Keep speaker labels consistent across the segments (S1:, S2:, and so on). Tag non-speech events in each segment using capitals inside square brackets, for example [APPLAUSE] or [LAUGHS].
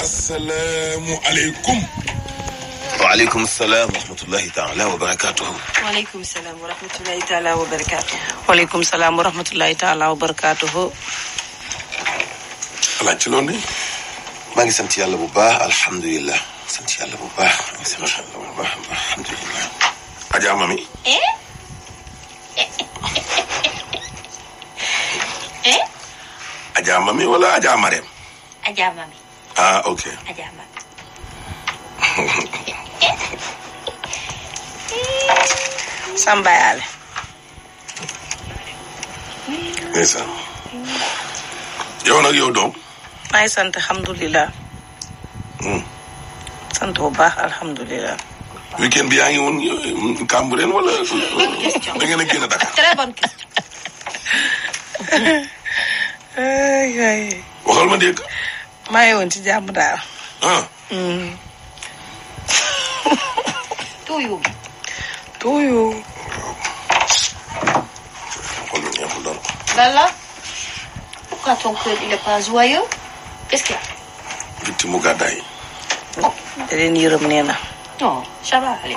S1: السلام عليكم وعليكم السلام ورحمة الله تعالى وبركاته
S2: وعليكم السلام ورحمة الله تعالى وبركاته وعليكم السلام ورحمة الله تعالى وبركاته
S1: الله تلوني ما نجي سنتي الله بباه الحمد لله سنتي الله بباه سنتي الله بباه الحمد لله أجا مامي إيه Adja Mami wala Adja Marème. Adja Mami. ah
S2: [LAUGHS] doom. maa sant alhamdulilah. Hmm. sant bu baax
S1: alhamdulilah. weekend bi yaa ngi woon mm, wala da ngeen a génn Dakar.
S2: très bonne question. [LAUGHS] waaye. que ma dégg. maa ngi o ci jàmm que
S1: ah.
S3: tuuyu. tuuyu. Lala, que ton cœur il est pas
S2: joyeux? Qu'est-ce qu'il a? victime mu gàddaa yi. oh. da leen yërëm nee na. non ça va aller.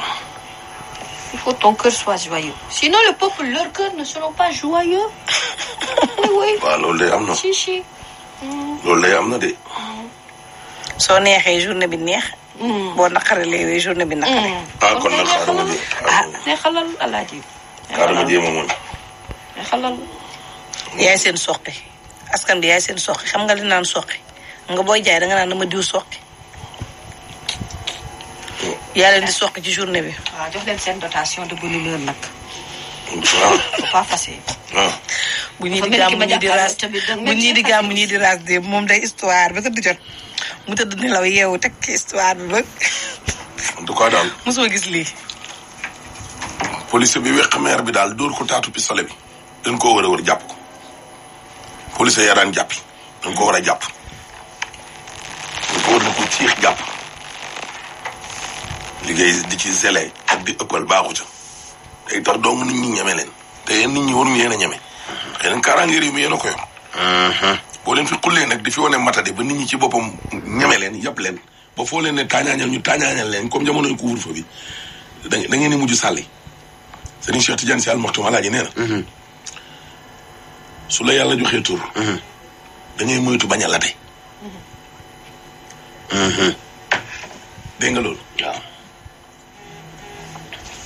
S2: il faut que ton cœur soit joyeux. sinon le peuple leur cœur ne seront pas joyeux. waaw loolu am na. de. soo neexee journée bi neex. Mm. boo naqarelee journée bi naqare. Mm. ah kon nag xaaral ma a muñ. Ah, yaay seen soqi askan bi yaay seen soqi xam nga li naan soqi nga boo jaay danga naan dama diw soqi. yaa leen di soqi ci journée bi. waaw jox leen seen dotation de bonne nag. pas facile. Ah. bu ñii di gàmm ñii di raas bu ñii di gàmm ñii di raas de moom day histoire ba tëdd jot mu tëdd nelaw yeewu teg ci histoire bi ba.
S1: en tout cas daal mosuma gis lii. police bi weq maire bi daal dóor ko taatu pistolet bi. dañ koo war a war jàpp ko. police yaa daan jàpp dañ ko war a jàpp. dañ ko war a ko ciix jàpp. liggéey di ci zélé ak di ëppal baaxu ca. day tax doomu nit ñi ñeme leen. te yéen nit ñi waruñu leen a ñeme. xëy na kaaraange réew mi yéen a ko yor. Mhm. boo leen fi xullee nag di fi wane matadi ba nit ñi ci boppam ñeme leen yàpp leen ba foo leen ne taañaañal ñu taañaañal leen comme jamonoy couvre-feu bi da da ngeen di mujj sàlli. Serigne Cheikh Tidiane Sy Al Maktoum mhm. yàlla joxee tur. Mhm. da ngay bañ a late. dégg nga loolu. waaw.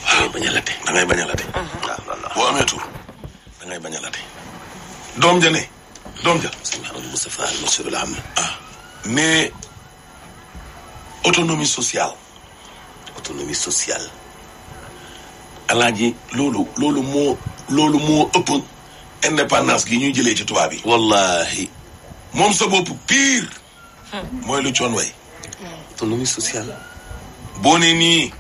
S1: waaw a bañ a late. boo amee tur da ngay bañ a doom ja ne doom ja. sëñ Mouhamadou Moustapha Al-Mansour am. ah ne autonomie sociale. autonomie sociale. alaaji loolu loolu loolu moo ëpp indépendance gi ñuy jëlee ci tubaab yi. wallahi moom sa bopp pire. Hmm. mooy lu coon way hmm. autonomie sociale. boo nee nii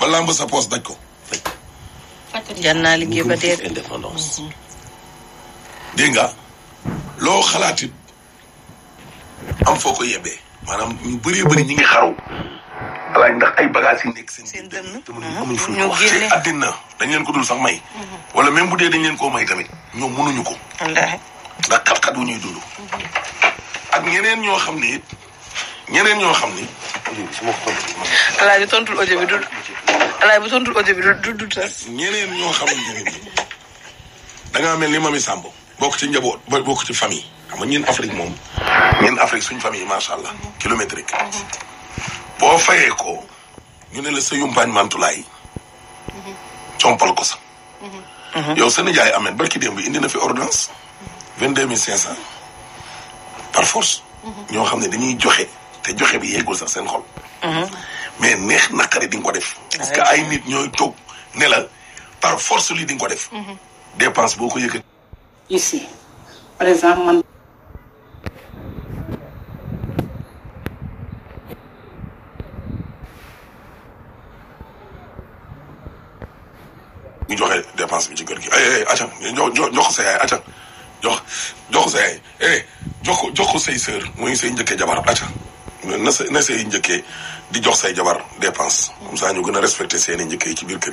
S1: ba lamb sa poos daj ko. faj. jànnaa liggéey ba dee indépendance. Hmm. dégg nga loo xalaatit am foo ko yebbee maanaam ñu bëree bëri ñi ngi xaru alaaj ndax ay bagages yi nekk seen dënn te mënuñu fu dañ leen ko dul sax may mhm. wala même bu dee dañ leen koo may tamit ñoom mënuñu ko ndax xat-xat wu ñuy dund ak ñeneen ñoo xam ni it ñeneen ñoo xam ne alaaj bu tontul audio bi du alaaj bi du du tas ñoo xam ne mel ni mami Sambo bokk ci njaboot bokk ci famille xam nga ñun Afrique moom ñun Afrique suñ famille macha allah kilométrique boo fayee ko ñu ne la sa yumpaañ mantulaay compal ko sax. yow seen jaay ba barki démb indi na fi ordonnance vingt deux mille cinq cent par force. ñoo xam ne dañuy joxe te joxe bi yeggul sax seen xol. mais neex naqari di ko def. parce nit ñooy toog ne la par force lii di ko def. Mhm. dépense boo ko yëkkati.
S3: si par exemple man
S1: ñu joxe dépense bi ci kër gi ay ay atam jox jox sa yaay atam jox jox sa yaay eh jox ko jox ko say sœur muy say njëkkee jabar atam na sa na say njëkkee di jox say jabar dépense comme ça ñu gën a respecté seen i njëkkee ci biir kër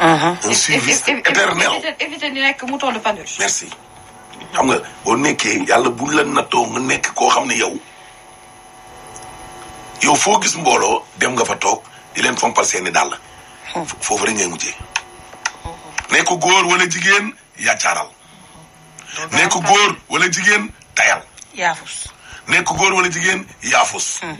S1: un suivi éternel.
S2: éviter ni nekk mu toll fanweer. merci
S1: xam nga boo nekkee yàlla buñ la nattoo nga nekk koo xam ne yow yow foo gis mbooloo dem nga fa toog di leen fompal seeni dàll. Hmm. foofu rek ngay mujjee. nekk góor wala jigéen yàccaaral. nekk góor wala jigéen tayal. yaafus. nekk góor walla jigéen yaafus. Hmm.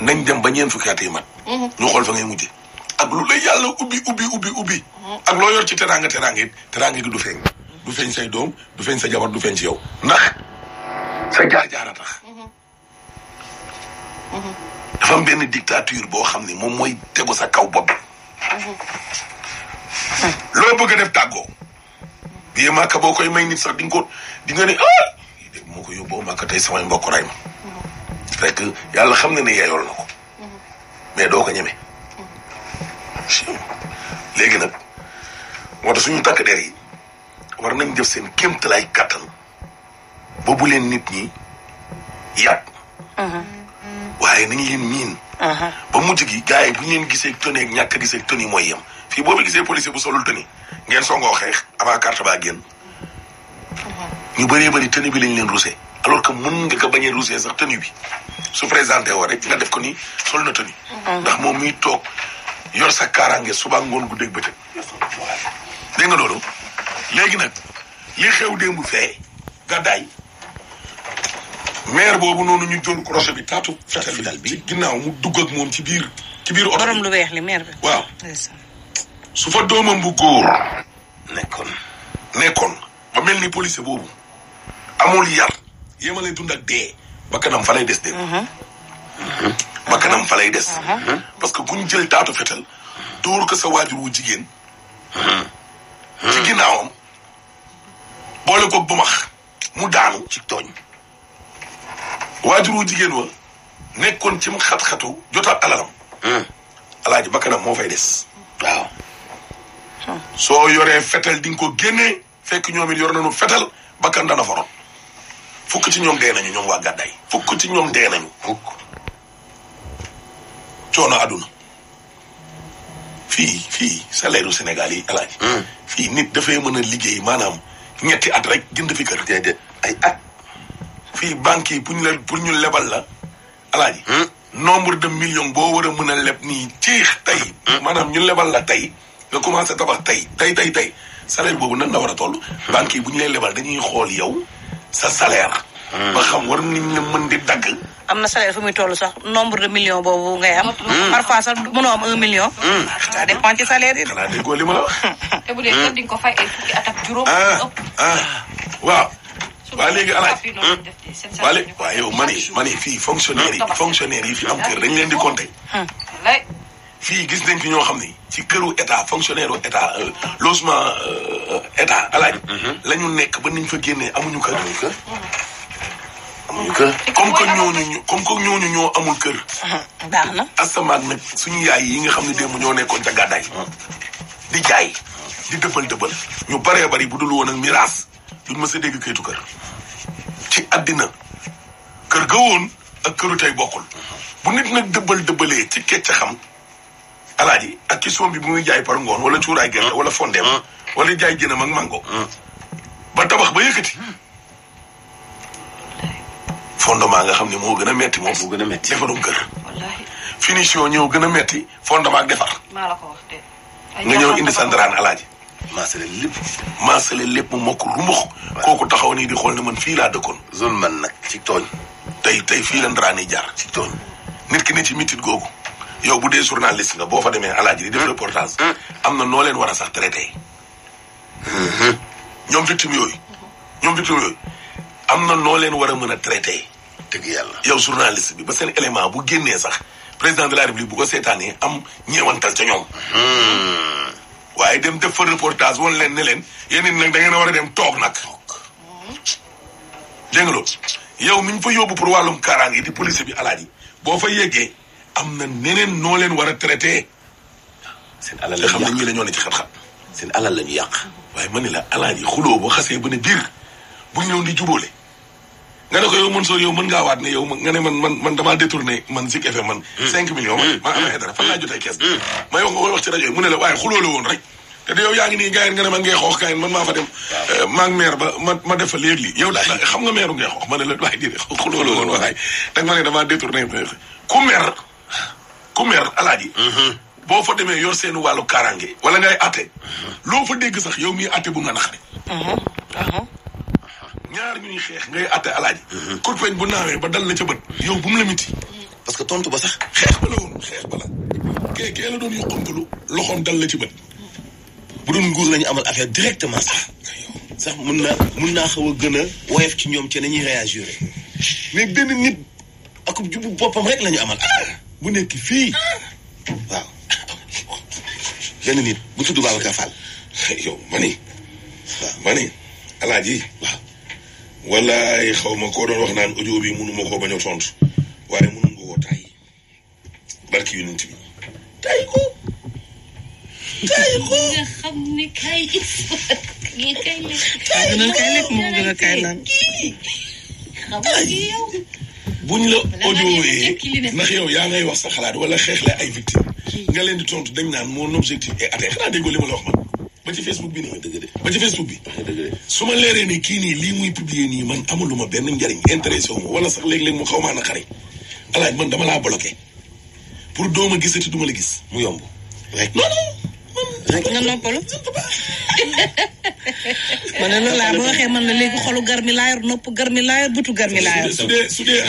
S1: nañ dem ba ñeent fukki at yi mat. Hmm. ñu xool fa ngay mujjee. ak lu la ubi ubi. ubi ubi ubbi mm-hmm. ak loo yor ci teranga teranga teranga du feeñ du feeñ say doom du feeñ sa jabar du feeñ ci yow ndax sa jaara tax mm-hmm. dafa am benn dictature boo xam ne moom mooy sa kaw bopp mm-hmm. loo bëgg def tàggoo biyee màkka boo koy may nit sax di nga di nga ne ah dégg moo ko yóbboo màkka tey mbokk ray ma fekk yàlla xam na ne yeyool mais doo ko chien léegi nag moo tax suñu takk der yi war nañ def seen kéemtalaay kàttan ba bu leen nit ñi yàq. Uh-huh. waaye nañ leen miin. Uh-huh. ba mujj gi gars yi bu ñu leen gisee toni ak ñàkk gisee toni mooy yem fii boo fi gisee policier bu solul toni ngeen songoo xeex avant carte baa génn. Uh-huh. ñu bëree bëri toni bi lañ leen rusé alors que mën nga ko bañ a rusé sax toni bi su présenté woo rek nga def ko ni sol na toni. ndax moom muy toog. yor sa kaaraange suba ngoon guddeeg bëccëg. dégg nga loolu léegi nag li xew démb fee gàddaay maire boobu noonu ñu jël crochet bi taatu fetal bi ginnaaw mu dugg moom ci biir ci biir oto borom lu weex li maire bi waaw su fa doomam bu góor nekkoon nekkoon ba mel ni policier boobu amul yar yéema lay dund ak dee ba kanam fa lay des dee bakkanam fa lay des. parce que bu ñu jël taatu fetal. dóor ko sa waajur wu jigéen. ci ginnaawam. boole ko bu max mu daanu ci tooñ. waajur wu jigéen wa nekkoon ci mu xat-xatu jotaat alalam. alaaji bakkanam moo fay des. soo yoree fetal di nga ko génnee fekk ñoom it yor nañu fetal bakkan dana faroon fukk ci ñoom dee nañu ñoom waa gàddaay fukk ci ñoom dee nañu. fukk coono àdduna fii fii salaire Sénégal yi alaaji hmm. fii nit dafay mën a liggéey maanaam ñetti at rek jënd fi kër déedéet ay at fii banque yi pour ñu la pour ñu lebal la alaaji hmm. nombre de million boo war a mën a leb nii ciix tey hmm. maanaam ñu lebal la tey nga commencé tabax tey tey tey tey salaire boobu nan na war a toll banques yi bu ñu lay lebal dañuy xool yow sa salaire Hmm. ba xam war ni la mën di dagg
S2: amna salaire fu muy tollu sax nombre de millions bobu ngay am hmm. Hmm. parfois sax mëno am 1 million ça dépend
S1: ci salaire yi xanaa li
S2: la [LAUGHS] bu dé di ko fay ay fukki at ak
S1: ah, ah, waaw yow mani mani gis nañ fi ñoo ci état fonctionnaire état euh, logement euh, euh, état alaaj lañu nekk ba que comme que ñooñu comme que ñooñu ñoo amul kër. baax na asamaak nag suñu yaay yi nga xam ne démb ñoo nekkoon ca gàddaay ah. di jaay di dëbbal dëbbal. ñu baree bari bu dul woon ak miraas duñ mës a dégg kayitu kër ci àddina kër ga woon ak këru bu nit nag dëbbal dëbbalee ci kecc xam alaaji ak question bi bu muy jaay par ngoon wala cuuraay genn ah. wala fondeem ah. wala jaay jënam ak mango ba tabax ba yëkkati. Hmm. fondement nga xam ne moo gën a metti moom. moo gën a metti defarum kër. wallaahi finition gën a metti fondement ak defar. maa la nga ñëw indi sa sandaraan alaaj maasale lépp. maasale lépp mu mokk rumbux. kooku taxaw nii di xool ne man fii laa dëkkoon. zone man nag ci tooñ. tey tey fii la ndaraan yi jaar ci tooñ. nit ki ne ci mitit googu. yow bu dee journaliste nga boo fa demee alaaji di def hmm. reportage. Hmm. am na noo leen war sax traité. Hmm. ñoom victime yooyu. ñoom victime yooyu am na noo leen war a mën a traité. dëgg yàlla yow journaliste bi ba seen élément bu génnee sax président de la république bu ko seetaanee am ñeewantal ca ñoom. Hmm. waaye dem def fa reportage woon leen ne leen yéen it nag da ngeen a war a dem toog nag. dégg nga loolu yow mi fa yóbbu pour wàllum kaaraange di police bi yi boo fa yeggee am na neneen noo leen war a traité. seen alal la ñuy yàq xam ne la ñoo ne ci xat-xat. seen la ñuy yàq. waaye ma ne la alaaji xuloo boo xasee ba ne biir bu ñu doon di jubóole. nga ne ko yow mën soo yow mën ngaa waat ne yow nga ne man man man damaa man Zik FM man. 5 hmm. millions man maa amee dara fan laa jotee kees. Hmm. may wax nga koy wax ci rajo yi mu yaa ngi nii gars yi nga ne man ngay xoox gars yi man maa fa dem. waaw eh, maa ngi meer ba ma def fa léegi yow daal xam nga meeru ngay xoox ma ne la waaye di [LAUGHS] xuloo la woon waaye. da nga ma ne damaa détourné ku mer ku mer alaaji. Hmm. boo fa demee yow seenu wàllu kaaraange. wala ngay atte. loo fa dégg sax yow mii atte bu nga naxare. ñaar ñuy xeex ngay atte alaaji. kurpeñ bu naawee ba dal la ca bët. yow bu mu la miti. parce que tontu ba sax xeex ba la woon xeex ba la. kee la doon yokkantalu loxoom dal la ci bët. bu doon nguur lañu amal affaire directement sax. sax mun naa mun naa xaw a gën a woyof ci ñoom ci nañuy réagir mais benn nit akub jubu boppam rek lañu amal affaire bu nekk fii waaw benn nit bu tudd Babacar Fall. yow mani waaw mani alaaji waaw. wala ay xaw ma wax naan audio bi mënu ma ko taay ko
S2: nga xam ne kaay kii [LAUGHS] kay lekk moo gën a kaay
S1: naan la wax sa wala xeexle ay victime nga leen di tontu dañ naan mon objectif est atteint xanaa déggoo li ma wax man ba ci Facebook bi nii. dëgg de ba ci Facebook bi. su ma leere ne kii nii lii muy publier nii man amaluma benn njariñ intéressé wu ma wala sax léeg-léeg mu xaw maa na xare man dama laa bloqué pour dooma gis du duma la gis mu yomb. non non nga noppalu.
S2: ma ne loolu laa ma waxee man na léegi xolu gar mi laa yor nopp gar mi laa yor butu gar mi laa yor.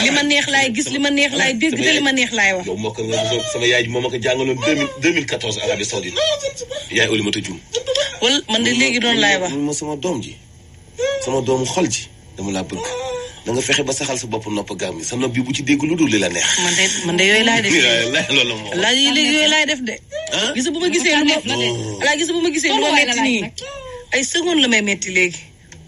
S2: li ma neex laay gis li ma neex laay dégg te li ma neex laay wax.
S1: yow moo moom moo ko jàngaloon deux mille deux mille quatorze Arabie Saoudite yaay Oulimata Dioum. wala man de léegi doon laay wax. man ma sama doom ji sama doomu xol ji dama laa bëgg. na nga fexe ba saxal sa bopp nopp gàmm yi sa nopp bu ci dégg lu dul li la neex.
S2: man de man de yooyu laa def de
S1: [LAUGHS] loolu moo. la
S2: laay def de. ah gis ma gisee lu ma. ala gis ma gisee lu ma metti nii ay seconde la may metti léegi.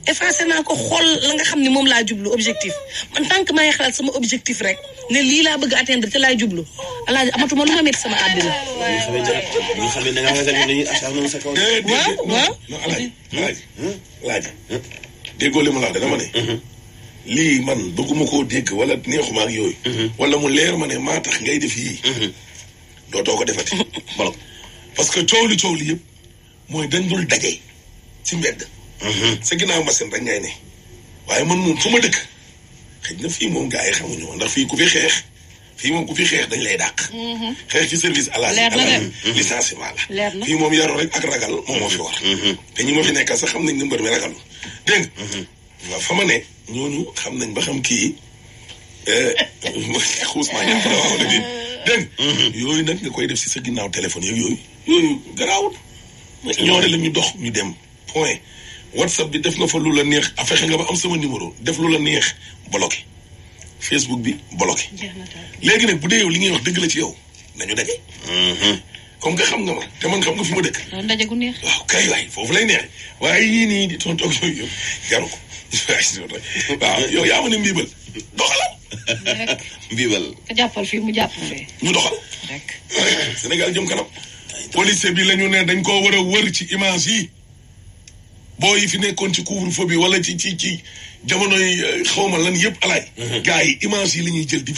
S2: effacé naa ko xool la nga xam ne moom laa jublu objectif man tant que may xalaat sama objectif rek ne lii laa bëgg atteindre te laay jublu alaaji amatuma lu ma métti sama àddina.
S1: ñu xam ne da ngaa ragal dañuy acharné sa kaw. waaw waaw non alaaji alaaji déggoo li mu la da nga ma ne. Mm-hmm. lii man bëgguma koo dégg wala neexuma ak yooyu. Mhm. wala mu leer ma ne maa tax ngay def yii. Mhm. dootoo ko defati. [LAUGHS] bolok parce que coow li coow li yëpp mooy dañ dul daje si mbedd. Mhm. sa ginnaaw machine rek ngay ne. waaye man moom fu ma dëkk xëy na fii moom gars yi xamuñu woon ndax fii ku xeex fii moom ku fi xeex dañ lay dàq. xeex ci service à la. leer na la. fii moom yaru rek ak ragal moom moo fi war. te ñi ma fi nekkal sax xam nañ ne mbër mi ragal dégg nga waaw fa ma ne ñooñu xam nañ ba xam kii eh, xuus naa ñàkk na waaw dëgg dégg mm-hmm. yooyu nag nga koy def si sa ginnaaw téléphone yeeg yooyu yooyu garaawut ñoore la ñu dox ñu dem point whatsapp bi def nga fa lu la neex a ah, fexe nga ba am sama numéro def lu la neex bloqué facebook bi bloqué léegi nag bu dee yow li ngay wax dëgg la ci yow nañu daje mm-hmm. comme nga xam nga ma te man xam nga fi ma dëkk.
S3: ndaje gu neex. waaw
S1: kay waay foofu lay neex waaye yii nii di tontu yooyu yëpp jaru ko waaw yow yaa ma ne mbiibal doxalam. mbiibal.
S3: nga
S2: jàppal mu jàpp fee.
S1: ñu doxal. rek Sénégal jëm kanam. police bi la ñu ne dañ koo war a ci image yi boo yi fi nekkoon ci couvre-feu bi wala ci ci ci jamono yi euh, xaw ma lan yëpp alaay. Mhm. gars yi image yi la ñuy jël di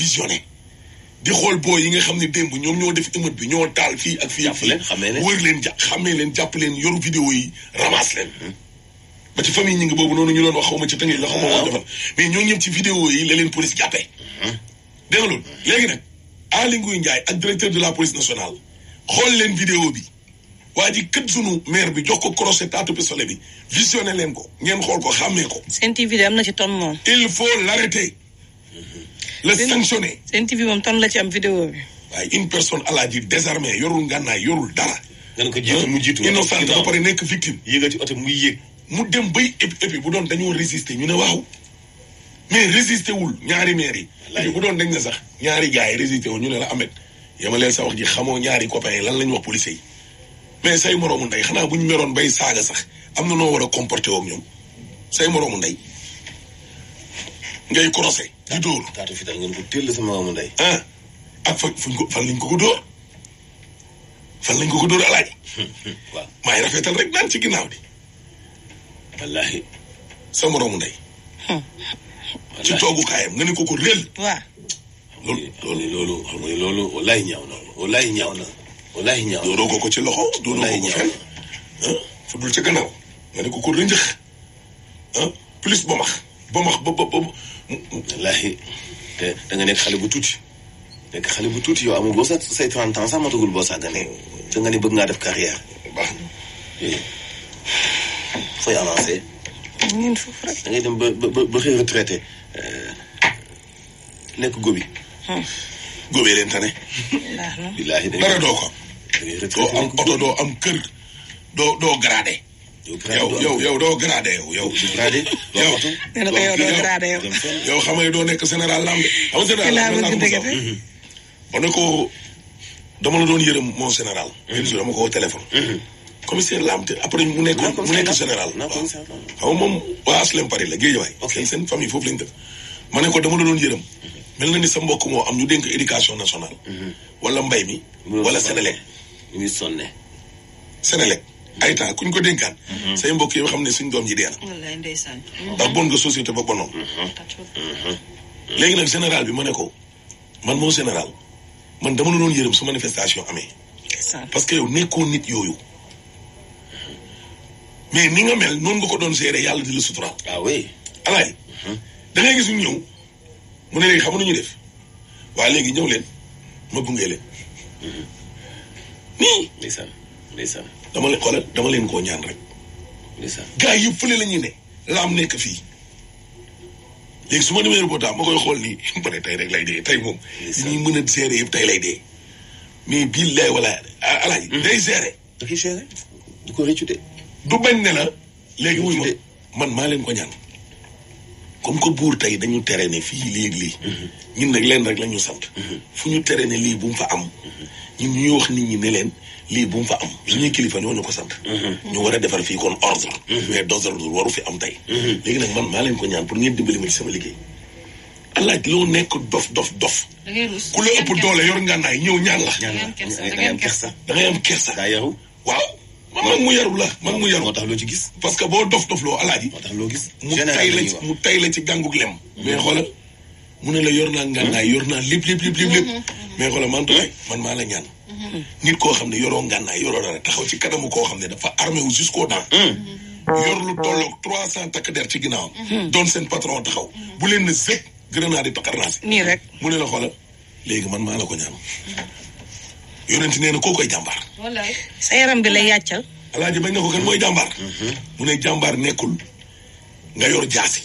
S1: di xool booy yi nga xam ne démb ñoom ñoo def émeute bi ñoo taal fii ak fii ak fii wër leen jàpp xamee leen leen yoru vidéo yi ramasse leen hmm. ba ci famille ñi ngi boobu noonu ñu doon wax xaw ma ci tëngee la xaw ma woon defal mais ñoo ñëm ci vidéo yi la leen police jàppee hmm. dégg léegi nag Aly Ngouille Ndiaye ak directeur de la police nationale xool leen vidéo bi waa ji kët sunu maire bi jox ko crochet taatu pistolet bi visionné leen ko ngeen xool ko xàmmee ko.
S2: Sen TV am na ci tom moom.
S1: il faut l'arrêter la sanctionné. seen TV moom tan la ci am vidéo bi. waaye une personne à la di désarmée yorul ngànnaay yorul dara. nga ko jiitu euh, mu jiitu innocent ba pare nekk victime. yéega ci oto muy yéeg. mu dem bay épi épi bu doon dañoo résister ñu ne waaw mais résister wul ñaari maire yi. bu doon dañ sax ñaari gars yi résister wul ñu ne la Ahmed yemaleel sa wax ji xamoo ñaari copains yi lan la ñu wax policiers yi mais say moroomu ndey xanaa bu ñu meroon bay saaga sax am na noo war a comporté woog ñoom say moroomu ndey. ngay crossé di dóor. taatu fital ngeen ko teel sama maamu ndey. ah ak ah, fa fuñ ko fan lañ ko ko dóor fan lañ ko ko dóor alaaji. [LAUGHS] waaw maa ngi rafetal rek naan ci ginnaaw di. wallaahi. sama moroomu ndey. [LAUGHS] ci toogu kaayam nga ne ko ko réel. waaw. loolu loolu xam nga loolu wallaahi ñaaw na wallaahi ñaaw na wallaahi ko ci loxo. wallaahi ñaaw na dóoroo ko ko fenn. fu dul ci gannaaw nga ne ko ko ah, plus ba max ba max ba ba wallahi te da nga nekk xale bu tuuti nekk xale bu tuuti yow amul boo sa say 30 ans sax matagul boo sàggane te nga ne bëgg ngaa def carrière baax na fooy avancé ñun foofu rek da ngay dem ba ba ba xëy retraité nekk gobi góobee leen tane billaahi dara doo ko doo am oto doo am kër doo doo gradé yow yow yow doo gradé yow yow. gradé yow.
S2: na
S1: doo nekk général lambe. xam nga général lambe sax ma ne ko dama yërëm mon général. Mm-hmm. benn jour dama ko woo mm-hmm. te après mu nekk mu nekk général. waaw xam nga moom waa Aslem Paris la Guédiawaye. ok seen seen famille foofu lañ def. ma ne ko dama la doon yërëm. Mm-hmm. mel na ni sa mbokk moo am ñu dénk éducation nationale. wala mbay mi. wala Sénélec. muy ay temps kuñ ko dénkaat. Mhm. say mbokk yi xam ne suñ doom ji dee na. wallaay ndax bon nga société ba bonoon. Mhm. Mhm. léegi nag général bi ma ne ko man moo général man dama la doon yërëm su manifestation amee. parce que yow nekkoon nit yooyu. mais ni nga mel noonu nga ko doon gérer yàlla di la sutura. ah oui. alaay da ngay gis ñu ñëw mu ne léegi xam nañu def waaye léegi ñëw leen ma gunge leen. nii. dama leen dama leen koo ñaan rek. gaa yi fële la ñuy ne laam nekk fii léegi su ma demee reportage ma koy xool nii [LAUGHS] ba ne tey rek lay dee tey moom. ñuy mën a gérer yëpp tey lay dee. mais bii lay wala alaay. Hmm. day gérer. da koy gérer du ko ne la. léegi wuy ma man maa leen ko ñaan. comme que buur tey dañu tere ne fii léegi lii ñu nag leen rek lañu ñu fu ñu tere ne lii bu mu fa am ñun ñuy wax nit ñi ne leen lii bu fa am suñuy kilifa ñoo ñu ko sant ñu war defar fii kon ordre mais désordre waru fi am tey léegi nag man maa leen ko ñaan pour ngeen dimbali ma ci sama liggéey alaaj loo nekk dof dof dof ku la ëpp doole yor ngànnaay ñëw ñaan la da ngay am kersa da kersa waaw mag mu yaru la man mu yaru moo tax loo ci gis parce que boo dof dof loo alaaji moo tax loo mu tay la ci mu tay la ci lem mm-hmm. mais xoolal mu ne la yor naa ngànnaay yor naa lépp lépp lépp lépp lépp mm-hmm. mais xoolal man tooy mm-hmm. man maa la ñaan nit koo xam ne yoroo ngànnaay yoroo dara taxaw ci kanamu koo xam ne dafa armé wu jusqu'aux dents yor lu tolloog trois cent takk der ci ginnaawam doon seen patron taxaw bu leen ne sëpp grenade yi pakarnaasi nii rek mu ne la xoolal léegi man maa la ko ñaan yonent nee na koo koy jàmbaar.
S2: wallaay sa yaram bi lay
S1: yàccal. alaaji bañ na ko kan mooy jàmbaar. Mhm. mu ne jàmbaar nekkul nga yor jaasi.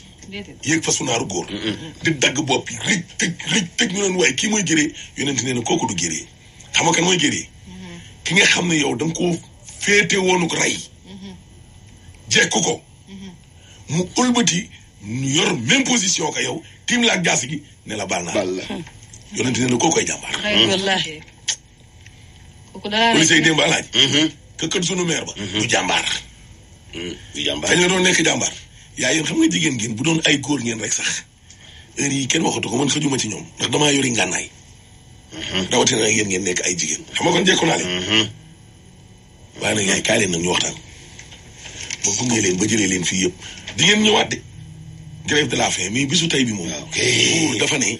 S1: yéeg fasu naaru góor. Mhm. di dagg bopp yi rëj tëj rëj tëj ñu leen waaye kii mooy géree yonent nee na kooku du géree xam nga kan mooy mhm. ki nga xam ne yow da nga koo féete woonuk rey. ko. mu yor même position ka yow tiim ne la baal naa. baal la koy jàmbaar.
S2: policier yi démb
S1: alaaj que kër sunu maire ba mhm. du jàmbaar mhm. du jambar, dañ la doon nekk jàmbaar yaa yéen xam nga jigéen ngeen bu doon ay góor ngeen rek sax heure yi kenn waxatu ko man xajuma ci ñoom ndax damaa yori ngànnaay mhm. rawatina nag yéen ngeen nekk ay jigéen xam nga kon jekku naa leen waaye nag yaay kaay leen nag ñu waxtaan ba gunge leen ba jëlee leen fii yëpp di ngeen ñëwaat de grève de la faim mais bisu tey bi moom ah, dafa ne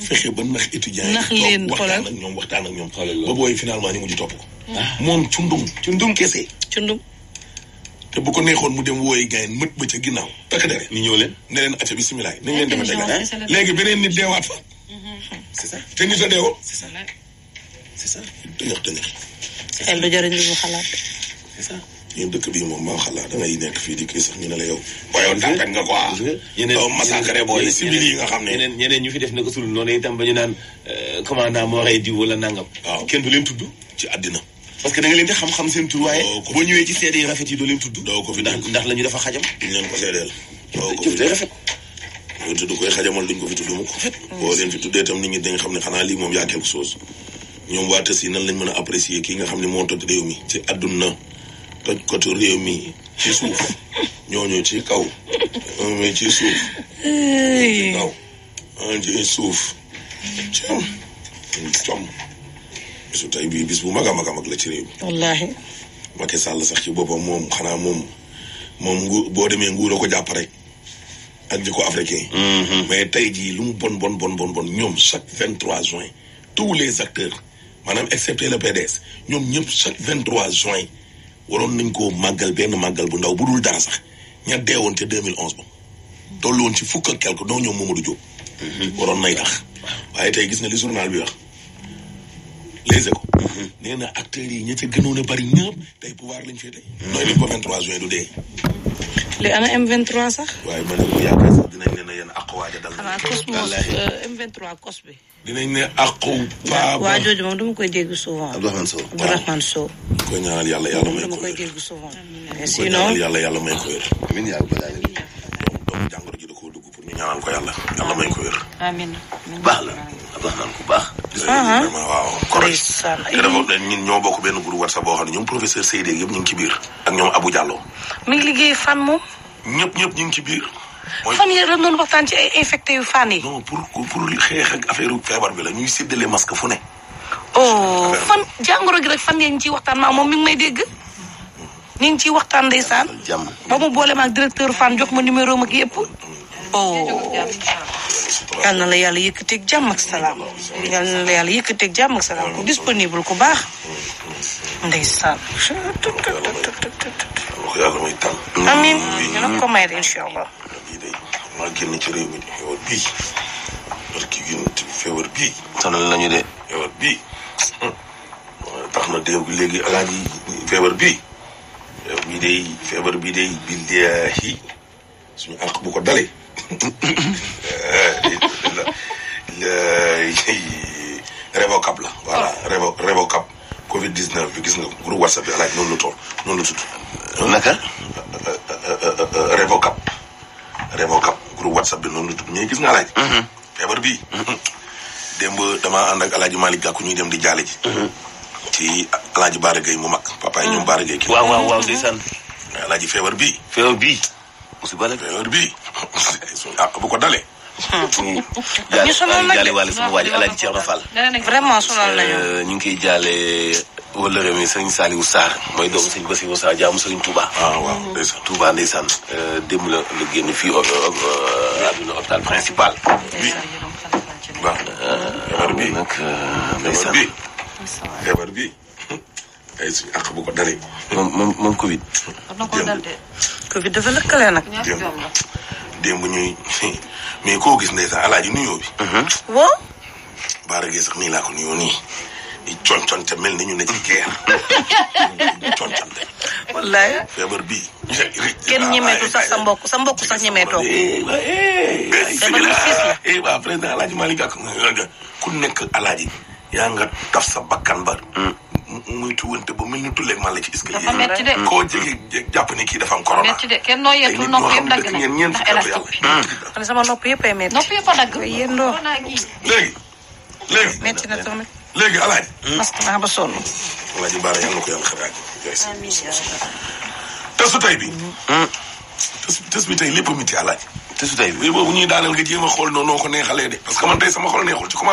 S1: fexe ba nax étudiants nax leen waxtaan ak ñoom waxtaan ak ñoom. ba booy finalement ñu mujj topp ko. Ah. moom cundum cundum kese. cundum. te ko neexoon mu dem wooyi gars yi mët ba ca ginnaaw. takk dere ñu ñëw leen ne leen acca bisimilah. nañ leen defante léegi beneen nit deewaat fa. Mhm. a ñun dëkk bii moom maa xalaat da ngay nekk fii di kii sax ñu ne la yow. waaye yow tàmpet nga quoi. ñeneen ñoo massacré booy civil yi nga xam ne. ñeneen ñeneen ñu fi def naka sul noonu itam ba ñu naan euh, commandant moo rey diw wala nangam. waaw kenn du leen tudd ci àddina. parce que da nga leen di xam-xam seen tur waaye. boo ñëwee ci seede yi rafet yi doo leen tudd. doo ko fi ndax ndax la ñu dafa xajam. ñu leen ko seedeel. doo ko fi day rafet. boo tudd koy xajamal duñ ko fi tudd mu ko. boo leen fi tuddee itam nit ñi dañ xam ne xanaa lii moom yaa quelque chose ñoom waa tës yi nan lañ mën a apprécier kii nga xam ne moo toog réew mi ci àdduna toj kotu réew mi ci suuf ñooñu ci kaw ñooñu ci suuf
S2: ci kaw
S1: ñooñu ci suuf com com su tey bii bis bu mag a mag a mag la ci réew mi wallaahi Macky Sall sax ci boppam moom xanaa moom moom ngu boo demee nguuroo ko jàpp rek ak jikko africain mm-hmm. mais tey jii lu mu bon bon bon bon bon ñoom chaque vingt trois juin tous les acteurs maanaam excepté le PDS ñoom ñëpp chaque vingt trois juin waroon nañ koo màggal benn màggal bu ndaw bu dul dara sax ña deewoon ca 2011 ba tollu woon ci fukk ak quelque doo ñoom Mamadou Diop. waroon nay tax waaye tey gis na li journal bi wax Les Échos
S2: nee na acteurs yi ña ca gënoon a bari ñëpp tey pouvoir lañ fee tey. nooy def ko 23 juin du dee. léegi ana M23 sax. waaye man yaakaar sax dinañ ne na yéen ak waaja dal. xanaa Cosmos euh, M23 cos bi.
S1: dinañ ne aqaw paa ba waa jooju moom dama koy dégg souvent. Abdourahmane Sow Abdourahmane Sow. ñu koy ñaanal yàlla yàlla may ko koy dégg souvent. sinon yàlla yàlla may ko wér. amiin yaa rabbal aalamiin. donc donc jàngoro ji da koo dugg pour ñu ñaanal ko yàlla. yàlla may ko wér. amiin baax la baax naan baax. vraiment waaw correct. te dafa ñun ñoo bokk benn groupe WhatsApp boo xam ne professeur Seydi yëpp ñu ngi ci biir. ak ñoom Abou Diallo.
S2: mi ngi liggéey fan moom.
S1: ñëpp ñëpp ñu ngi ci biir.
S2: fan rendon doon waxtaan ci ay infecté yu fan yi. non
S1: pour pour xeex ak affaire feebar bi la ñuy séddale masque fu ne. oh
S2: fan jàngoro gi rek fan yee ñu ciy waxtaan maa moom mi ngi may dégg. ñu ngi ciy waxtaan ndeysaan. jàmm ba mu boole maag directeur fan jox ma numéro oh yal na la yàlla yëkkateeg jàmm ak salaam yal na la yàlla yëkkateeg jàmm ak salaam ku disponible ku baax ndeysaan.
S1: amin dina
S2: ko may incha allah.
S1: maa génn ci réew mi di feebar bi feebar bii. sonal nañu de. feebar tax na démb léegi alaaji bi bii feebar bii day feebar bii day billaahi suñu àq bu ko dalee. [LAUGHS] révocable la. voilà ah. révo révocable Covid 19 bi gis nga groupe WhatsApp bi alaaji noonu la toll noonu la tudd. naka. révocable. Rémo Cap groupe whatsapp bi noonu la tudd mais gis nga laaj. Mhm. feebar bii. Mhm. démb damaa ànd ak El Hadj Malick Gakou ñuy dem di jaale ji. Mhm. ci El mu mag. papa yi ñoom Baara Gueye. waaw waaw waaw ndeysaan. feebar bii. feebar bii. musiba la feebar bii. [LAUGHS] Ah, bu ko dalee. Hmm. [LAUGHS] ñu sonal la de jaale jaale waale sunu waa ji El Hadj Thierno Fall.
S2: vraiment sonal la euh,
S1: ñu wëllëre mi sëñ Saliou Sarr mooy doomu sëñ Bassirou Sarr jaamu sëñ Touba. ah waaw ndeysaan Touba ndeysaan. Euh, démb la la génn fii euh, euh, àdduna hôpital principal. bi waaw. feebar bi nag ndeysaan feebar bi ay suñu àq bu ko dalee. moom moom moom Covid.
S2: démb Covid dafa lëkkale nag.
S1: démb ñuy [LAUGHS] mais koo gis ndeysaan alaaji nuyoo bi. Mhm. waaw. baara gi sax nii laa ko nuyoo nii. di conconte mel ni ñu ne ci guerre
S2: [LAUGHS] conconte wallahi febar bi kenn ñemetu sax sa mbokk sa mbokk sax ñemeto ko
S1: eh ba président alhaji malik ak ku nekk alhaji ya nga taf sa bakkan bar mm. muy tuwante ba mel ni tulé ak mala ci escalier ko japp ni ki dafa am corona metti
S2: de no dag na sama nopp yépp ay metti nopp yépp dag yéndo
S1: légui légui
S2: metti na tamit
S1: léegi alaaj parce hmm? que naa ba sonn. alaaji baara yàlla na ko yàlla xaraaj. tesu tey bi. Hmm? Hmm? tes tes bi tey lépp a métti alaaj. tesu tey bi boobu ñuy daaneel nga jéem a xool noonu noo ko neexalee de parce que man tey sama xol neexul ci [LAUGHS] xool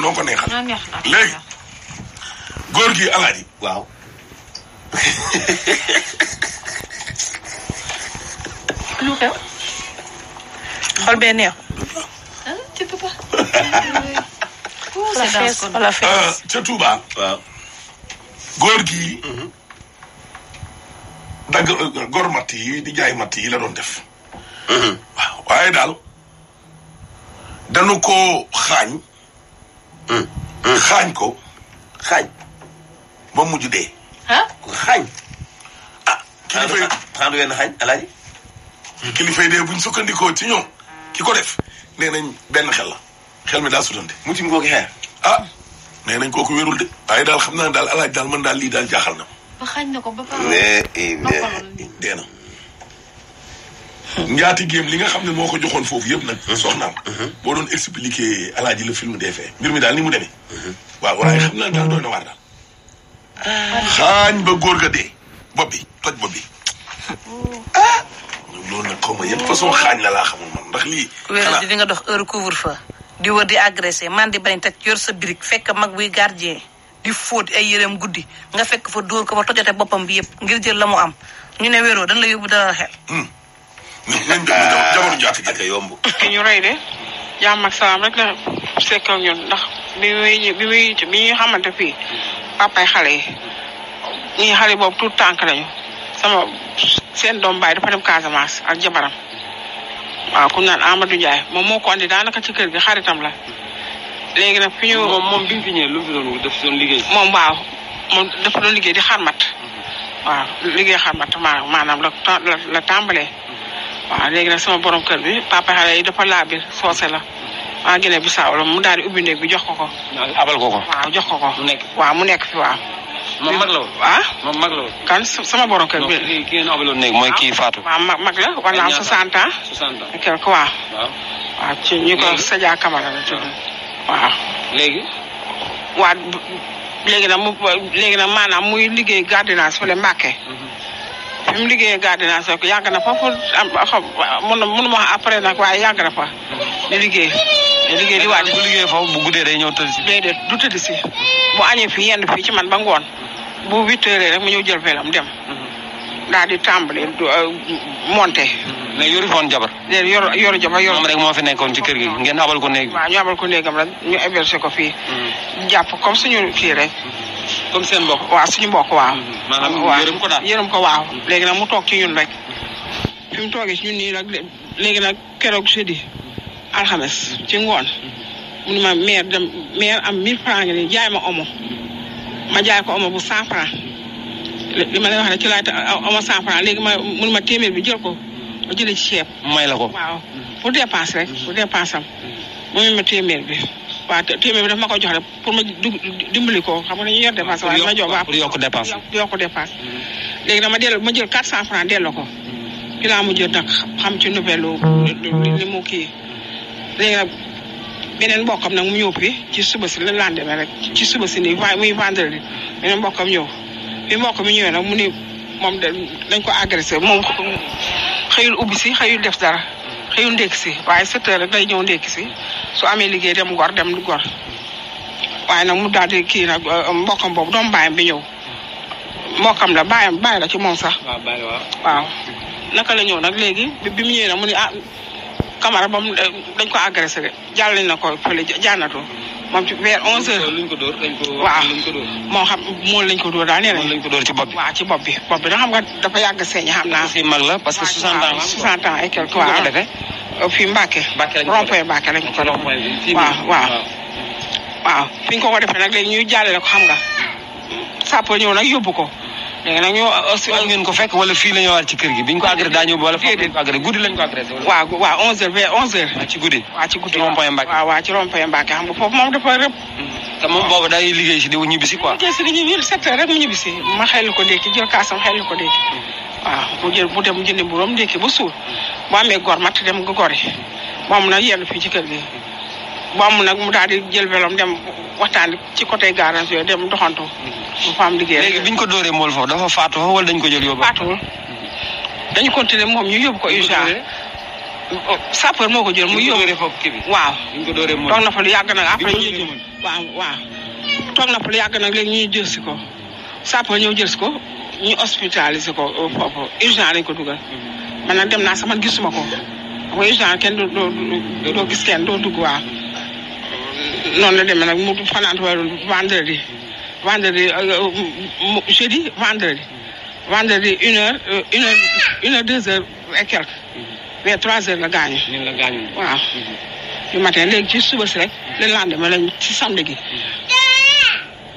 S1: noo ko gi alaaji.
S2: [LAUGHS]
S1: [LAUGHS] wala ca Touba. waaw gi. dagg euh, gor matt yi di jaay matt yi la doon def. Mhm. waaw waaye daal dañu ko xaañ. Mhm. Mhm. xaañ ko. xaañ ba mujj de ah xaañ. ah kilifa yi xaañ wenn xaañ alaaji. kilifa yi buñ sukkandikoo ci ñoom ki ko def nee benn xela xel mi daa sutante mu tim googi xeer ah nee nañ kooku wérul de waaye daal xam naa daal alaaj daal man daal lii daal jaaxal na
S3: ba xañ na ko ba pare mais
S1: dee na ñaati géem li nga xam ne moo ko joxoon foofu yëpp nag soxnaam boo doon expliqué alaaji le film des faits mbir mi daal ni mu demee waaw waaye xam naa daal doy na waar daal xaañ ba góor ga dee bopp bi toj
S2: bopp bi ah
S1: loolu nag xaw ma yan façon xaañ la laa xamul man ndax lii wér
S2: di nga dox heure couvre feu di wër di agressé man di bañ te yor sa birig fekk mag buy gardien di fóot ay yëreem guddi nga fekk fa dóor ko ba tojate boppam bi yëpp ngir jël la mu am ñu
S3: ne wéroo dañ la yóbbu dara xel. Hmm.
S1: nañ jamono jafe jafe yomb.
S3: [LAUGHS] ki ñu rey de jàmm ak salaam rek la sekk ak ñun ndax bi muy bi muy bi xamante fii papay xale yi ñii xale boobu tout tànk lañu sama seen doom baay dafa dem Casamance ak jabaram. waaw ku naan Amadou Ndiaye moom moo ko andi daanaka ci kër gi xaritam la léegi nag fi ñu. moom moom bi fi ñëwee liggéey. moom waaw moom dafa doon liggéey di xarmat. Mm-hmm. waaw liggéey xarmat maanaam la la la tàmbalee. Mm-hmm. léegi nag sama borom kër bi papa xale yi dafa laa biir soose la. Mm-hmm. waa Guinée Bissau la mu daal di ubbi ne bi jox ko ko. abal waaw jox ko ko. mu nekk waaw mu nekk fi waaw. moom mag la woon ah kan sama borom kër bi ki néeg mooy kii ah, Fatou waaw mag mag la wala am 60 ans 60 ans quelque waaw ci ñu ko Sadia Camara la waaw léegi léegi nag mu léegi nag maanaam muy liggéey gardiennage fële Mbàkke bi liggéey liggéeyee gardiennage rek yàgg na fa fa xam mun ma wax après nag waaye yàgg fa di liggéey di liggéey di waaj bu liggéey foofu bu guddee day ñëw tëdd si déedéet du tëdd si bu añee fii yenn fii ci man ba ngoon bu huit rek mu ñëw jël velam dem mm-hmm. daal di tàmbali euh, monté mm-hmm. mais yoru foon jabar déedéet yor yoru jabar yor moom rek moo fi nekkoon ci kër gi mm-hmm. ngeen abal ko néeg waaw ñu abal ko néegam rek ñu hébergé ko fii jàpp comme suñu kii rek comme seen mbokk waaw suñu mbokk waaw. maanaam yërëm ko daal yërëm ko waaw. léegi nag mu toog ci ñun rek fi mu toogee ci ñun nii nag léegi nag keroog jeudi alxames ci ngoon mu ne ma maire dem maire am 1000 francs nga nii jaay ma omo ma jaay ko omo bu 100 francs li ma lay wax rek ci laajte omo léegi ma mu ma téeméer bi jël ko ma jëlee ci ceeb. may la ko waaw pour dépense rek pour dépense am mu ne ma téeméer bi. waaw téeméer bi daf ma ko jox rek pour ma dimbali ko xam nga dañuy yor dépense waaye ma jox waaw pour yokk dépense yokk dépense mm-hmm. léegi dama delloo ma jël quatre cent franc delloo ko mm-hmm. ci laa mu jël nag xam ci nouvelle li mm-hmm. mu kii léegi nag beneen mbokkam nag mu ñëw fi ci suba si la lendemain rek ci suba si nii muy vendredi beneen mbokkam mbokk mi ñëwee nag mu ni moom dañ ko agressé moom xëyul ubbi si xëyul def dara xëyul ndékki si waaye 7 heures rek day ñëw ndékki si su amee liggéey dem gor dem du gor waaye nag mu daal di kii nag euh, mbokkam boobu doomu baayam bi ñëw mbokkam la baayam baay la ci moom sax. Ah, waaw baay waaw. naka la ñëw nag léegi bi mu ñëwee nag mu ne ah Camara ba mu euh, dañ ko agressé jàll na ko fële jaanatu moom ci vers 11h. waaw moo xam moom lañ ko dóor daal nee nañ. lañ ko dóor ci bopp bi waaw ci bopp bi. bopp bi da xam nga dafa yàgg seeñ xam naa. si mag la parce que 60 ans la 60 ans et quelque waaw euh, fii Mbacke. Mbacke lañ ko doon waaw waaw. waaw fi ñu ko ko defee nag léegi ñuy jàllale ko xam nga. sàpp ñëw nag yóbbu ko. léegi eh, nag ñu hospital ngeen ko fekk wala fii la ñëwaat gi biñ ko agressé daa ñëw fii lañ ko agressé guddi lañ ko agressé waaw waaw onze heures vers onze heures waaw ah, ci guddi waaw ci guddi rond-point Mbacke waaw waaw ci rond-point xam nga foofu moom dafa rëbb mm. te moom boobu day liggéey si di ñibbi si quoi liggéey si di ñibbi sept heures rek mu ñibbi si ma xelli ko ndékki jël kaasam xelli ko ndékki mm. waaw mu jël mu dem mu jëndi mburoom ndékki ba suur bu amee gor mat dem nga gori moom na yenn fii ci kër gi mm. bu amul nag mu daal di jël velom dem waxtaan ci côté garage yooyu dem doxantu. bu mhm. fa am liggéey léegi ko dóoree mool foofu dafa faatu wala dañ ko jël yóbbu. Mhm. dañu continuer moom ñu yóbbu ko USA. sapeur moo ko jël mu yóbbu. waaw. toog na fa lu yàgg nag après ñu. waaw waaw. toog na fa yàgg nag léegi ñuy jël si ko sapeur ñëw jël si ko ñu hospitalisé ko euh, foofu urgent lañ ko dugal. Mhm. man nag dem naa sax ko. waaye urgent kenn doo gis kenn doo dugg waaw. noonu la demee nag mu fanaant ba vendredi vendredi euh, euh, jeudi vendredi vendredi une heure euh, une heure une heure deux heures et quelques vers trois heures la gaañu waaw mhm. du matin léegi ci suba si rek le lendemain lañ ci samedi gi mhm.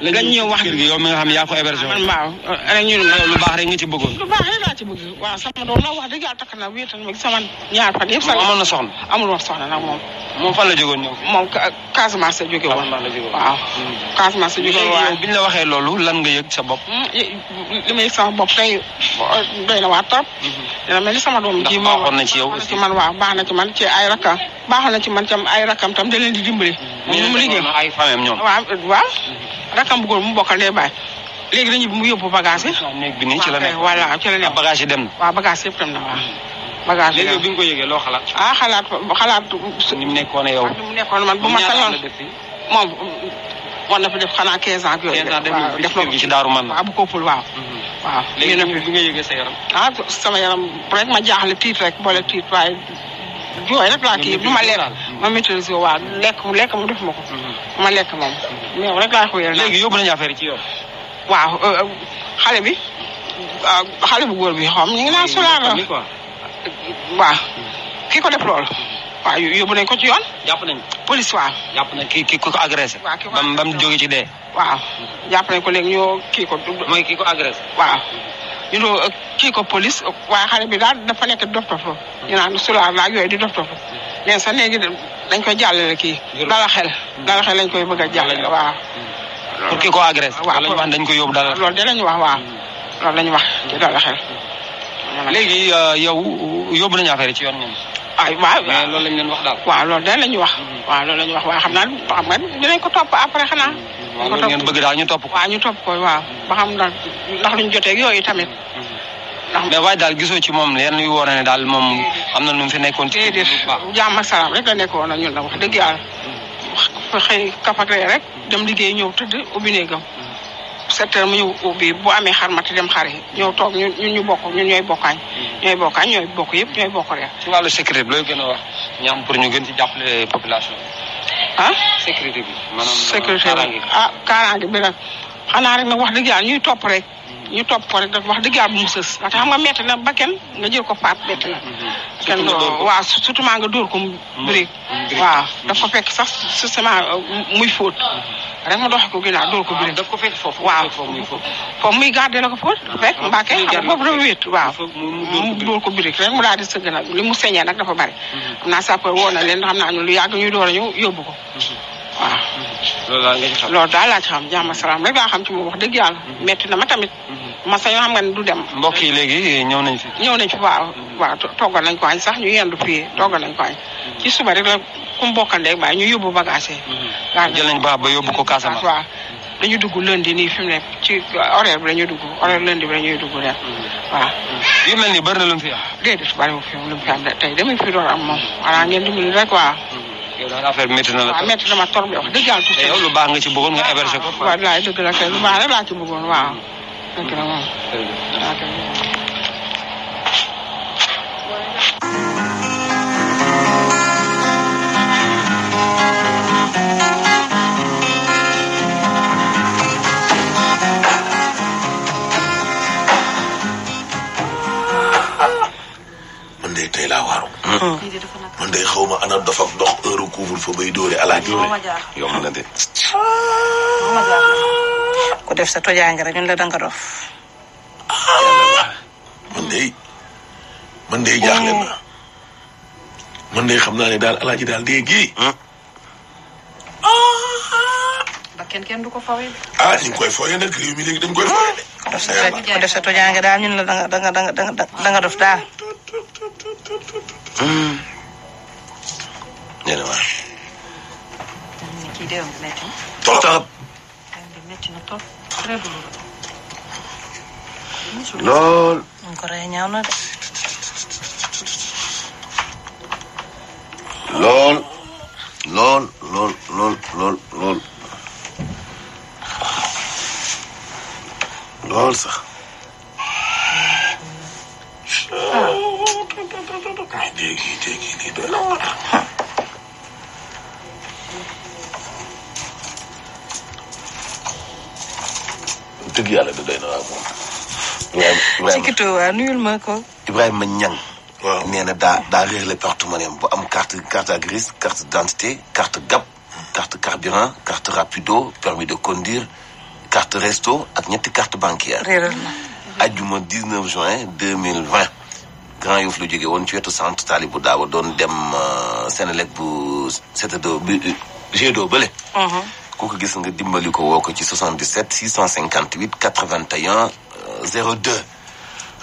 S3: léegi ñu wax kër gi yow mi nga rek ñu yow lu baax rek nga ci bëggoon lu baax rek laa ci bëgg waaw sama doom la wax dëgg yàlla takk na wéetal ma sama ñaar fan yëpp na soxna amul woon soxna nag moom moom fan la jógoon ñoom moom Casamance la jóge woon waaw Casamance la jóge woon biñ la waxee loolu lan nga yëg sa bopp hmm, li may sama bopp tey doy na waa trop mhm. dina mel ni sama doom ji moo baaxoon ci yow ci man waa baax na ci man ci ay rakkam baaxoon na ci man tam ay rakkam tam da leen di dimbali mu liggéey ay famem ñoom waaw mhm. rakam bu góor mu bokkal day bàyyi léegi dañu bi mu yóbbu bagage yi. waaw néeg bi nii ci la nekk voilà ci la nekk. Ah, bagage yi dem na. waaw bagage yëpp na waaw. Hmm. bagage yi bi nga ko yëgee loo xalaat. ah xalaat xalaat. ni mu nekkoon yow. mu nekkoon man bu ma sañoon moom war na fi def xanaa 15 ans ak yooyu. 15 ans def na ko ci daaru man waaw bu kóopul waaw. Hmm. waaw léegi bi nga yëgee sa yaram. ah sama yaram rek ma jaaxle tiit rek boole tiit waaye jooy rek laa kii du ma leer. ma maîtriser waaw lekk mu lekk mu def ma ko. Mhm. ma lekk moom. mais rek laa ko yore léegi yóbbu nañu affaire yi ci yoon. waaw euh, euh, xale bi xale bu góor bi xam ñu ngi naan mhm. Solaar waaw mhm. ki ko def loolu. waaw yóbbu nañ ko ci yoon. jàpp nañ police waaw. jàpp nañ ki ki ko agressé. waaw ki ko agressé ba mu jóge ci dee. waaw jàpp nañ ko léegi ñoo kii ko. mooy ki ko agressé. waaw ñu doon euh, kii ko police waaye xale bi daal dafa nekk di dof topp. ñu naan Solaar laa yooyu di dof topp. mais sa léegi dañ koy jàllale kii. dala xel hmm. dala lañ koy bëgg a jàllale waaw. Hmm. pour ki ko agressé. waaw wax dañ ko yóbbu dala. loolu de lañu wax waaw hmm. loolu lañu wax ci dala xel. léegi euh, yow yóbbu nañu affaire ci yoon ñoom. ay waaw mais loolu lañ leen wax daal. waaw loolu de lañu wax. waaw loolu lañu wax waa xam naa xam nga dinañ ko topp après xanaa. waaw loolu ngeen bëgg daal ñu topp ko. waaw ñu topp ko waa ba xam ndax luñ jotee ak yooyu tamit. mais waaye daal gisoo ci moom leen luy woon ne daal moom am na nu mu fi nekkoon. déedéet jàmm ak salaam rek la nekkoon a ñun na wax dëgg a wax hmm. xëy kapatee rek. dem liggéey ñëw tëdd ubbi néegam. Hmm. sept mu ñëw ubbi bu amee xarmat dem xari ñëw toog ñu ñu bokk ñu ñooy bokkaañ. Hmm. ñooy bokkaañ ñooy bokk yëpp ñooy bokk rek. ci wàllu sécurité bi looy gën a wax ñaam pour ñu gën ci jàppale population ah sécurité bi. ah kaaraange bi nag xanaa rek nag wax dëgg yàlla ñuy topp rek ñu topp ko rek wax dëgg yàlla bu mu sës ndax xam nga métti na ba kenn nga jël ko faat métti na. Mm-hmm. kenn waaw surtout maa nga dóor ko mm-hmm. bëri. Mm-hmm. waaw daf ko fekk sax justement euh, muy fóot. rek ma dox ko ginnaaw dóor ko ah, bëri. daf ko foofu waaw foofu ko fóot. Ah, fekk mbaake xam nga foofu dafa wéet waaw. mu dóor ko bëri rek mu daal di sëgg nag li mu sañee nag dafa bari. naa sa woo na leen xam naa ñu lu yàgg ñuy door a ñëw yóbbu ko. waaw. loolu daal nga ci xam loolu daal laa ci xam jàmm salaam rek laa xam ci moom wax dëgg yàlla. Mm-hmm. metti na ma tamit. Mm-hmm. masa yoo xam nga ne du dem. mbokk yi léegi eh, ñëw nañ fi. ñëw nañ fi waaw mm-hmm. waaw toggal nañ ko añ sax ñu yendu fii toggal nañ ko añ. ci suba rek la ku mu bokkal ndey baay ñu yóbbu bagage. daal jël nañ baax ba yóbbu ko Casamance waaw. dañu dugg lundi nii fi mu ne ci horaire bi dañuy dugg horaire lundi bi dañuy dugg ren. waaw. yu mel nii bëri na lu mu fi am. déedéet bëri na lu mu fi am tey damay fi door am moom xanaa ngeen dimbali rek waaw. yow daal affaire bi métti a la. waaw métti na ma trop de wax dëgg yàlla. te yow lu baax nga ci bëggoon nga héberger ko. waaw hmm. waaw dëgg la lu baax rek ci bëggoon waaw. dëgg
S1: man day ma ana dafa dox heure couvre fa bay dóore alaaj
S2: yomb na de ku def sa tojaange rek ñun la danga dof
S1: man day man day jaaxle na man day xam naa dal daal alaaji daal du ko fawé ah
S2: ñu koy fawé nak réew mi légui dañ koy fawé def def sa tojange dal ñun la da nga da nga da nga da nga dal Hmm. Ne ne var? Gidiyorum Metin. Stop. Ben Metin otur. Buraya bulurum. Lol. Ancora ne onları.
S1: Lol. Lol, lol, lol, lol, lol. Lol sağ. tiki tiki tiki de l'autre. dëgg yàlla de doy na waaw moom. Ibrahima ci
S2: kitoo waa nuyul ma ko.
S1: Ibrahima Niang. waaw nee na daa daa réerle porte-monnaie bu am carte carte grise carte d'identité carte GAB. carte carburant carte rapido permis de conduire carte resto ak ñetti carte bancaire. réeral na. 19 juin 2020. Grand Yoff lu jóge woon ci wetu centre Talibou Dabo don dem euh, Sénélec bu do bu GEDO bële. Mhm. ku ko gis nga dimbali ko woo ci 77 658 81 02.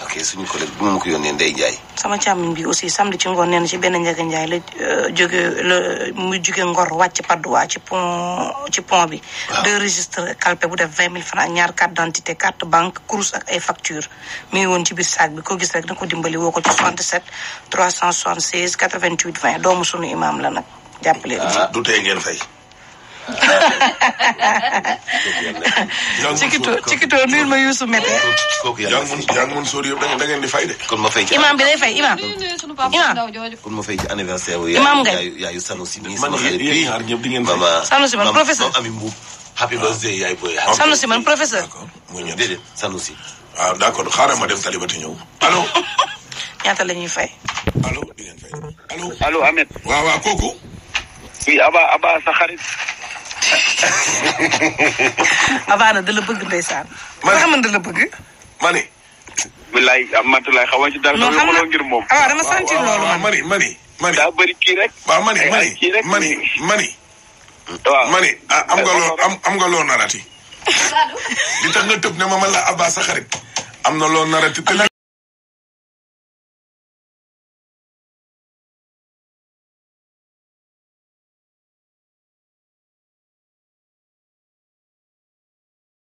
S1: ok suñu collègue bi ma ko yónnee Ndeye Ndiaye.
S2: sama càmmiñ bi aussi samedi ci ngoon nee na ci benn Ndiaga Ndiaye la euh, jóge la muy jóge Ngor wàcc Padois ci pont ci pont bi. waaw deux registres calpe bu def vingt mille francs ñaar carte d'identité carte banque course ak ay facture mi woon ci biir saak bi ko gis rek na ko dimbali woo ko ci 77 376 88 20 doomu sunu imaam la nag
S1: jàppale. ah du tee ngeen fay. cikito cikito
S2: nuyul ma Youssou Mete.
S1: kooku yàlla mun mun sóor yëpp da ngeen fay de. kon ma fay ci imam bi day fay imam. imam kon ma fay ci anniversaire wu. imam nga yaayu Sanusi mi sama xarit bi man ñëpp di ngeen fay. Sanusi man waaw d'accord xaaral ma dem talibati ñëw allo.
S2: [LAUGHS] ñaata la ñuy fay. alo
S1: di ngeen fay allo. allo Ahmed. waaw waaw kooku. oui Aba Aba xarit.
S2: [LAUGHS] Avana da la bëgg ndeysaan. man nga xam da la bëgg.
S1: mani. bilaay ah, Matulaay xaw ma ci dara. non xam nga ngir moom. Ah, ah, mani mani. mani mani mani mani nga loo am am narati. li tax tëb ne ma man la xarit. am na loo narati te